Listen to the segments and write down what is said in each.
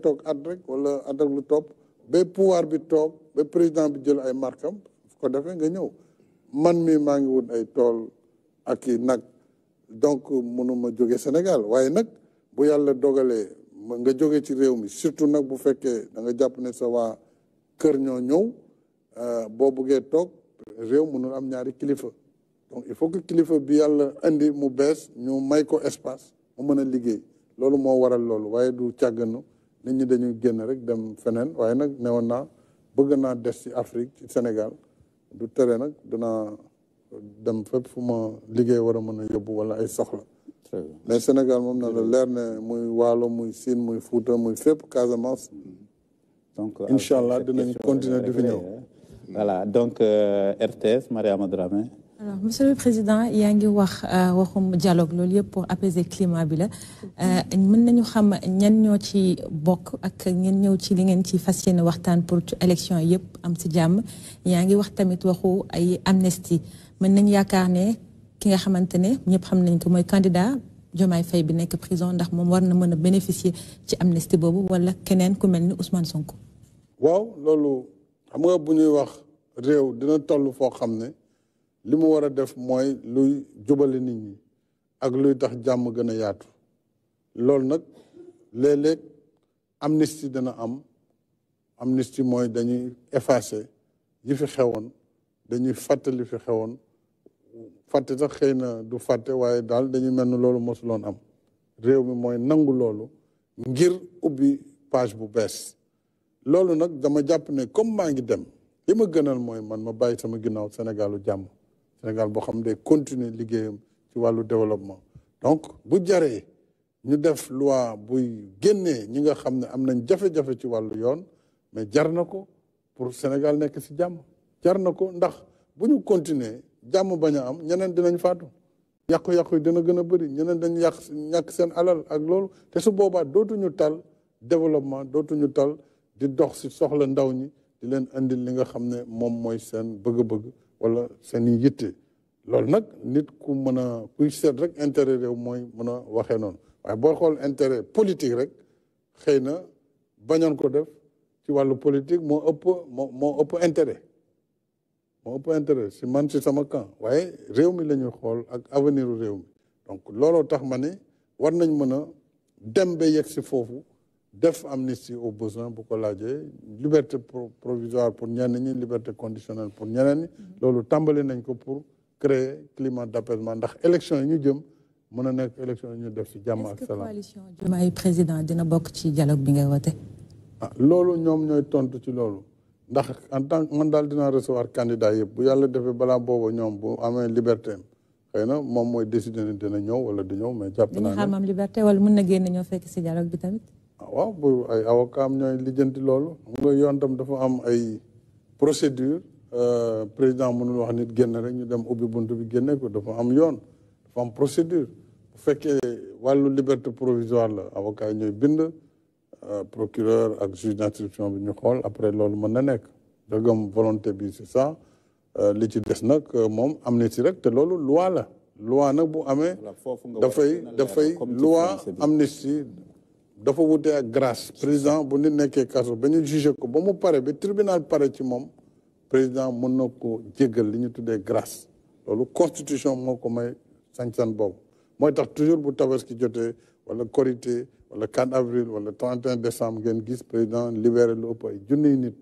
toog at rek wala at ak lu topp ba pouvoir bi toog ba président bi jël ay markam ko defee nga ñëw man mi maa ngi wut ay tool ak i nag donc mënuma jóge Sénégal waaye nag bu yàlla dogalee nga jóge ci réew mi surtout nag bu fekkee da nga jàpp ne sa kër ñoo ñëw euh, boo buggee toog réew mënul am ñaari kilifa donc il faut que kilifa bi yàlla indi mu bees ñu may ko espace mu mën a liggéey loolu moo waral loolu waaye du càgganu nit ñi dañuy génn rek dem feneen waaye nag newoon naa bëgg naa des ci Afrique ci Sénégal du tere nag dinaa dem fépp fu ma liggéey war mën a yóbbu wala ay soxla mais Sénégal moom na la leer ne muy Waalo muy Siin muy Fuuta muy fépp Casamance donc incha allah euh, dinañ continuer di fi ñëw voilà donc euh, RTS Mariama Dramé alors monsieur le président yaa ngi wax euh, waxum dialogue loolu yëpp pour apaiser climat bi la euh, mën nañu xam ñan ñoo ci bokk ak ngeen ñëw ci li ngeen ci fas yéene waxtaan pour ci élection yëpp am si jàmm yaa ngi wax tamit waxu ay amnistie mën nañ yaakaar ne ki nga xamante ne ñëpp xam nañ ko mooy candidat Diomaye fay bi nekk prison ndax moom war na mën a bénéficier ci amnistie boobu walla keneen ku mel ni Ousmane Sonko. waaw loolu xam nga bu ñuy wax réew dina toll foo xam ne. li mu war a def mooy luy jubale nit ñi ak luy tax jàmm gën a yaatu loolu nag léeg-léeg amnistie dana am amnistie mooy dañuy effacer yi fi xewoon dañuy fàtte li fi xewoon fàtte sax xëy na du fàtte waaye daal dañuy mel ni loolu mosuloon am réew mi mooy nangu loolu ngir ubbi page bu bees loolu nag dama jàpp ne comme maa ngi dem li ma gënal mooy man ma bàyyi sama ginnaaw Sénégalu jàmm Sénégal boo xam day continuer liggéeyam ci wàllu développement donc bu jaree ñu def loi buy génnee ñi nga xam ne am nañ jafe-jafe ci wàllu yoon mais jar na ko pour Sénégal nekk si jàmm jar na ko ndax bu ñu continuer jàmm bañ a am ñeneen dinañ faatu yàqu-yàqu yi dina gën a bëri ñeneen dañ yàq ñàkk seen alal ak loolu te su boobaa dootuñu tal développement dootuñu tal di dox si soxla ndaw ñi di leen indil li nga xam ne moom mooy seen bëgg-bëgg wala seen i yitte loolu nag nit ku mën a kuy seet rek intérêt réew mooy mën a waxee noonu waaye boo xool intérêt politique rek xëy na bañoon ko def ci wàllu politique moo ëpp moo moo ëpp intérêt moo ëpp intérêt si man si sama camp waaye réew mi la ñuy xool ak avenir réew mi donc looloo tax ma ne war nañ mën a dem ba yegg si foofu def amnistie au besoin bu ko laajee liberté provisoire pour ñenn ñi liberté conditionnelle pour ñeneen ñi mm-hmm. loolu tàmbali nañ ko pour créer climat d'apaisement ndax élection yi ñu jëm mën a nekk élection yi ñu def ci jàmm ak salaam. coalition Diomaye président dina bokk ci dialogue bi ngay wote. ah loolu ñoom ñooy tontu ci loolu ndax en tant que man daal dinaa recevoir candidat yëpp bu yàlla defee balaa booba ñoom bu amee liberté xëy na moom mooy décider ne dina ñëw wala du ñëw mais. waaw bu ay avocat am ñooy lijjanti loolu xam nga yoon tam dafa am ay procédure euh, président mënul wax nit génn rek ñu dem ubbi bunt bi génne ko dafa am yoon dafa am bu fekkee wàllu liberté provisoire la avocat yi bind euh, procureur ak juge d'instruction bi ñu xool après loolu mën na nekk dëggam bi c'est euh, li ci des nag moom amnistie rek te loolu loi la loi nag dafa wute ak grâce président bu nit nekkee kaso ba ñu jugé ko ba mu pare ba tribinal pare ci moom président mën na ko jéggal li ñu tuddee grâce loolu constitution moo ko may sañ-sañ boobu mooy tax toujours bu tabaski jotee wala korité wala 4 avril wala 31 décembre ngeen gis président libéré lu ëpp ay junniy nit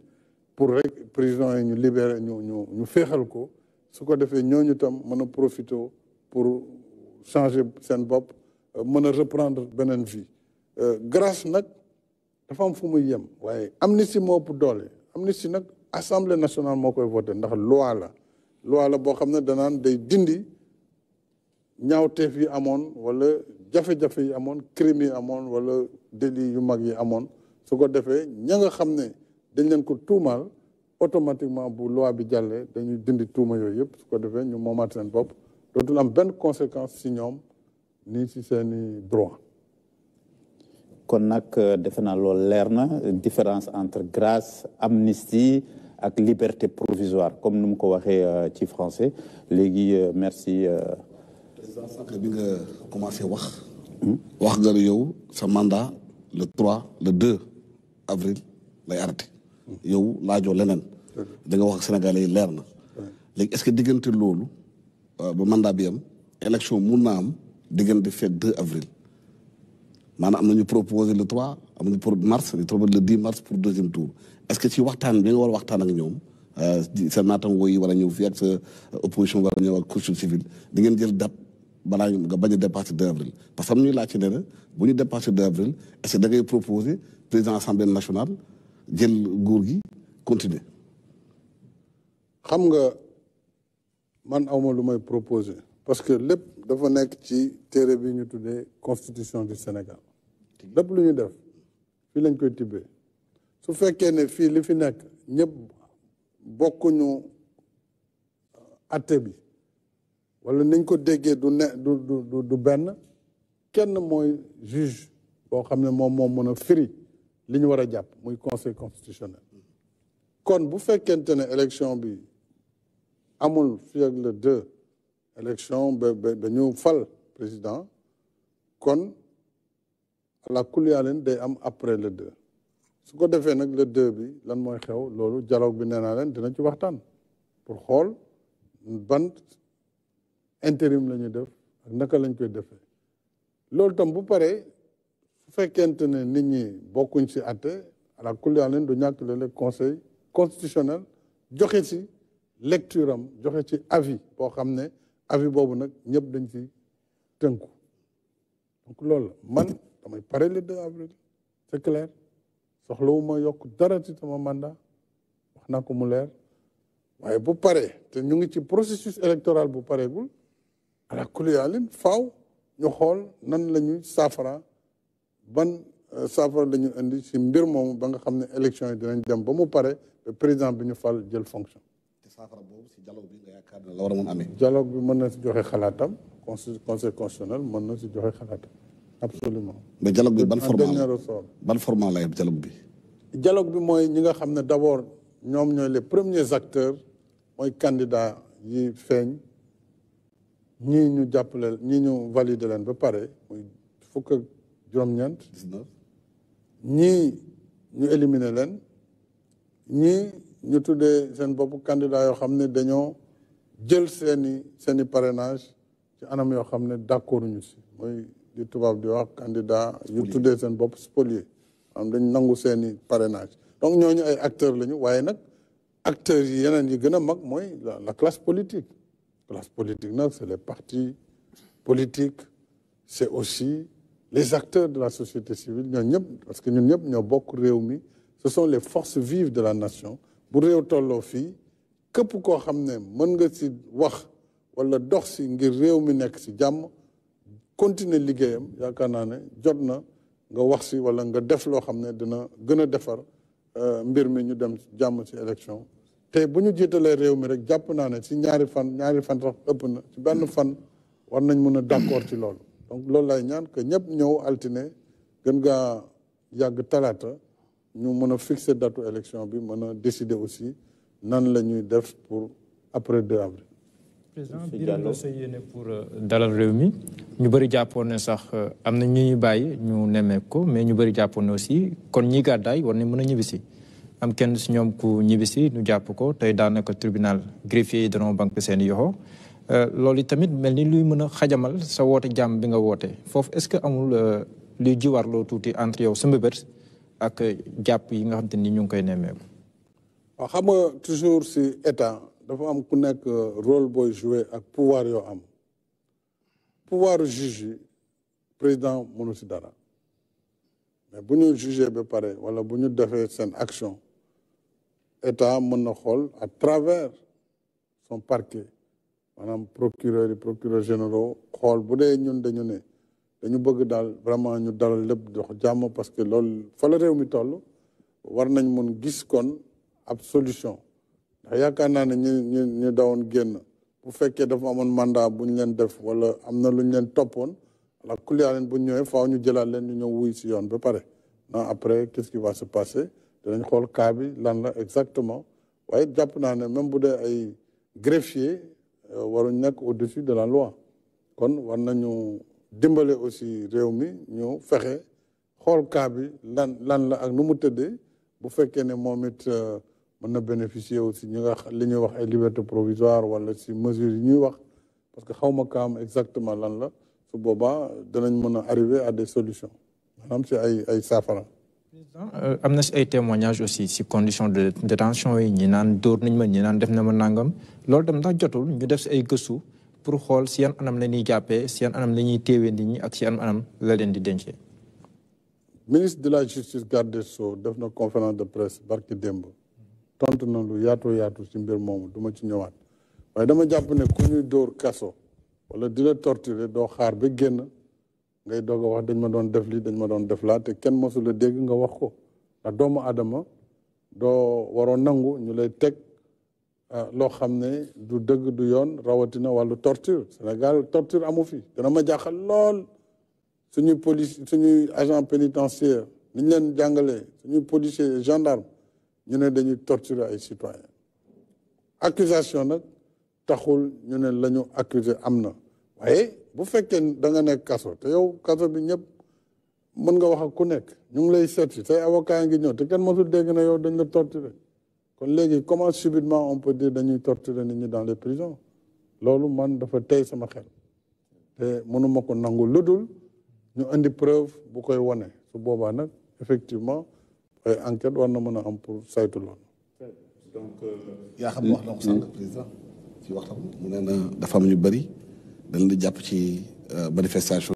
pour rek président yi ñu libéré ñu ñu ñu féexal ko su ko defee ñooñu tam mën a profité pour changer seen bopp mën a reprendre beneen vie Euh, grâce nag dafa fu muy yem waaye amnistie moo ëpp doole amnistie nag assemblée nationale moo koy voté ndax loi la loi la boo xam ne danaan day dindi teef yi amoon wala jafe-jafe yi amoon crime yi amoon wala délit yu mag yi amoon su ko defee ña nga xam ne dañ leen ko tuumaal automatiquement bu loi bi jàllee dañuy dindi tuuma yooyu yëpp su ko defee ñu moomaat seen bopp dootul am benn conséquence si ñoom nii si seeni droit kon nag euh, defe naa lool leer na différence entre grace amnistie ak liberté provisoire comme nu mu ko waxee euh, ci français léegi euh, merci. président Sànq bi nga commencé wax. Hmm? wax nga yow sa mandat le 3 le 2 avril lay arrêté. yow laajoo leneen. da nga wax ak Sénégalais leer na. léegi est-ce que diggante loolu ba mandat bi am élection mun naa am diggante fekk 2 avril. maanaam am nañu proposé le 3 am nañu pour mars le 3 le 10 mars pour deuxième tour est-ce que ci waxtaan bi war a waxtaan ak ñoom euh, sa naataango yi war ñëw fii ak sa euh, opposition war a ñëw ak culture civile di ngeen jël date balaa ñu nga bañ a dépassé 2 avril parce que am ñuy laaj ci ne la bu ñu dépassé 2 avril est-ce que da ngay proposé président assemblée nationale jël nguur gi continuer. xam nga man awma lu may proposé parce que lépp. dafa nekk ci téere bi ñu tuddee constitution du Sénégal lépp lu ñu def fii lañ koy tibbee su fekkee ne fii li fi nekk ñëpp bokkuñu atte bi wala niñ ko déggee du ne du du benn kenn mooy juge boo xam ne moom moo mën a firi li ñu war a jàpp muy conseil constitutionnel kon bu fekkente ne élection bi amul fii ak élection ba ba dañu fal président kon la kuliyaaleen day am après le deux su ko defee nag le deux bi lan mooy xew loolu dialogue bi nee naa leen dina ci waxtaan pour xool ban intérim la def ak naka lañ koy defee loolu tam bu paree su fekkente ne nit ñi bokkuñ si àtte la kuliyaaleen du ñàkk le conseil constitutionnel joxe ci lecture am joxe ci avis boo xam ne avis boobu nag ñëpp dañ ci tënku donc loolu la man damay pare le 2 avril c'est clair soxlawuma yokk dara ci sama mandat wax naa ko mu leer waaye bu pare te ñu ngi ci processus électoral bu pareegul ala kuliyaalin faw ñu xool nan la ñuy saafara ban euh, saafara la indi si mbir moom ba nga xam ne élection yi dinañ dem ba mu pare président bi ñu fal jël fonction saafara boobu si dialogue bi nga yaakaar ne la war a mën amee. dialogue bi mën na si joxe xalaatam conseil conseil constitutionnel mën na si joxe xalaatam. absolument mais dialogue bi ban format la ban format lay am dialogue bi. dialogue bi mooy ñi nga xam ne d' abord ñoom ñooy les premiers acteurs mooy candidat yi feeñ ñi ñu jàppale ñii ñu valider leen ba pare muy ñu éliminer leen ñii. ñu tuddee seen bopp candidat yoo xam ne dañoo jël seeni seeni parenage ci anam yoo xam ne d'accord ñu si mooy di tubaab di wax candidat yu tuddee seen bopp spolié am dañ nangu seeni parrainage donc ñooñu ay acteurs lañu waaye nag acteurs yi yeneen yi gën a mag mooy la classe politique classe politique nag c'est les partis politiques c'est aussi les acteurs de la société civile ñoo ñëpp parce que ñun ñëpp ñoo bokk réew mi ce sont les forces vives de la nation bu réew tolloo fii képp koo xam ne mën nga si wax wala dox si ngir réew mi nekk si jàmm continuer liggéeyam yaakaar naa ne jot na nga wax si walla nga def loo xam ne dina gën a defar euh, mbir mi ñu dem jàmm si élection te bu ñu jiitalee réew mi rek jàpp naa ne si ñaari fan ñaari fan sax ëpp na si benn fan war nañ mën a d'accord ci loolu donc loolu lay ñaan que ñëpp ñëw altine gën ngaa yàgg talaata ñu mën a fixer datu élection bi mën a décider aussi nan la ñuy def pour après 2 avril. président Birame sa yéene pour euh, dalal réew mi ñu bëri jàppoon ne sax euh, am na ñu ñu bàyyi ñu nemmeeku ko mais ñu bëri jàppoon ne aussi kon ñi gàddaay war nañ mën a ñibbisi am kenn si ñoom ku ñibbisi ñu jàpp ko tey daanaka tribunal greffier yi danoo banque seen yoxo euh, loolu yi tamit mel ni luy mën a xajamal sa woote jàmm bi nga woote foofu est-ce que amul luy jiwarloo tuuti entre yow sa mbëbët ak jàpp yi nga xam te ni ñu ngi koy nemmeeku. waaw xam nga toujours si état dafa am ku nekk rôle boo jouer ak pouvoir yoo am pouvoir juge président mënu si dara mais bu ñu jugee ba pare wala bu ñu defee seen action état mën na xool à travers son parquet maanaam procureur yi procureur généraux xool bu dee ñun dañu ne. dañu bëgg daal vraiment ñu dalal lépp dox jàmm parce que loolu fa la réew mi toll war nañ mun gis kon ab solution ndax yaakaar naa ne ñu dawoon génn bu fekkee dafa amoon mandat bu ñu leen def wala am na lu leen toppoon la kuliaa leen bu ñu ñëwee faaw ñu jëlaat leen ñu ñëw wuy si yoon ba pare non après qu'est-ce qui va se passer danañ xool cas bi lan la exactement waaye jàpp naa ne même bu dee ay greffier euh, waruñ nekk au-dessus de la loi kon war nañu dimbale aussi réew mi ñu fexe xool kaa bi lan lan la ak nu mu tëddee bu fekkee ne moom it euh, mën na bénéficier aussi ñi nga li ñuy wax ay liberté provisoire wala si mesure yi ñuy wax parce que xaw ma kaam exactement lan la su boobaa danañ mën a arriver à des solutions maanaam si ay ay saafara. président euh, am na si ay témoignages aussi si condition de détention yi ñu naan dóor nañ ma ñu naan def na ma nangam loolu dem ndax jotul ñu def si ay gëstu. pour xool si yan anam la ñuy jàppee si yan anam la ñuy téewee ñi ak si yan anam la leen di dencee. ministre de la justice Garde Sceaux def na conférence de presse barki démb tontu na lu yaatu yaatu si mbir moomu duma ci ñëwaat waaye dama jàpp ne ku ñuy dóor kaso wala di la torturer doo xaar ba génn ngay doog a wax dañ ma doon def lii dañ ma doon def laa te kenn mosu la dégg nga wax ko ndax doomu aadama doo waroon nangu ñu lay teg. Euh, loo xam ne du dëgg du yoon rawatina wàllu torture Sénégal torture amu fi dana ma jaaxal lool suñuy police suñuy agent pénitentiaire ni ñu leen jàngalee suñuy policier gendarme ñu ne dañuy torturer ay citoyen accusation nag taxul ñu ne la ñu accuser am na waaye bu fekkee da nga nekk kaso te yow kaso bi ñëpp mën nga wax ak ku nekk ñu ngi lay seet si say avocat ngi ñëw te kenn mosul dégg na yow dañ la torturer kon léegi comment subitement on peut dañuy torturer nit ñi dans les prisons loolu man dafa tey sama xel te mënuma ko nangu lu dul ñu indi preuve bu koy wane su boobaa nag effectivement ay enquête war na mën a am pour saytu loolu. Euh, yaa xam wax na ko sànq président ci mu ne na dafa am ñu bëri dañ di jàpp ci euh, manifestation.